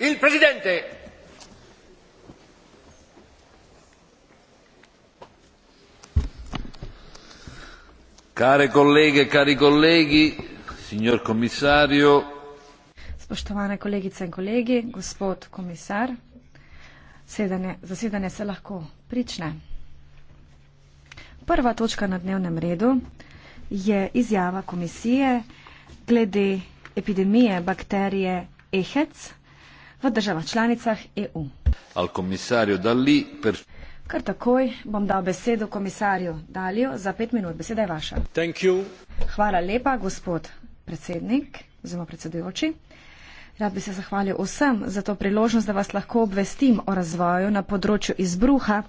Il Presidente. Care colleghe e cari colleghi, signor Commissario. Spoštovane kolegice in kolegi, gospod komisar, sedanje, zasedanje se lahko prične. Prva točka na dnevnem redu je izjava komisije glede epidemije bakterije EHEC, v državah članicah EU. Kar takoj bom dal besedo komisarju Dalijo za pet minut. Beseda je vaša. Hvala lepa, gospod predsednik oziroma predsedujoči. Rad bi se zahvalil vsem za to priložnost, da vas lahko obvestim o razvoju na področju izbruha.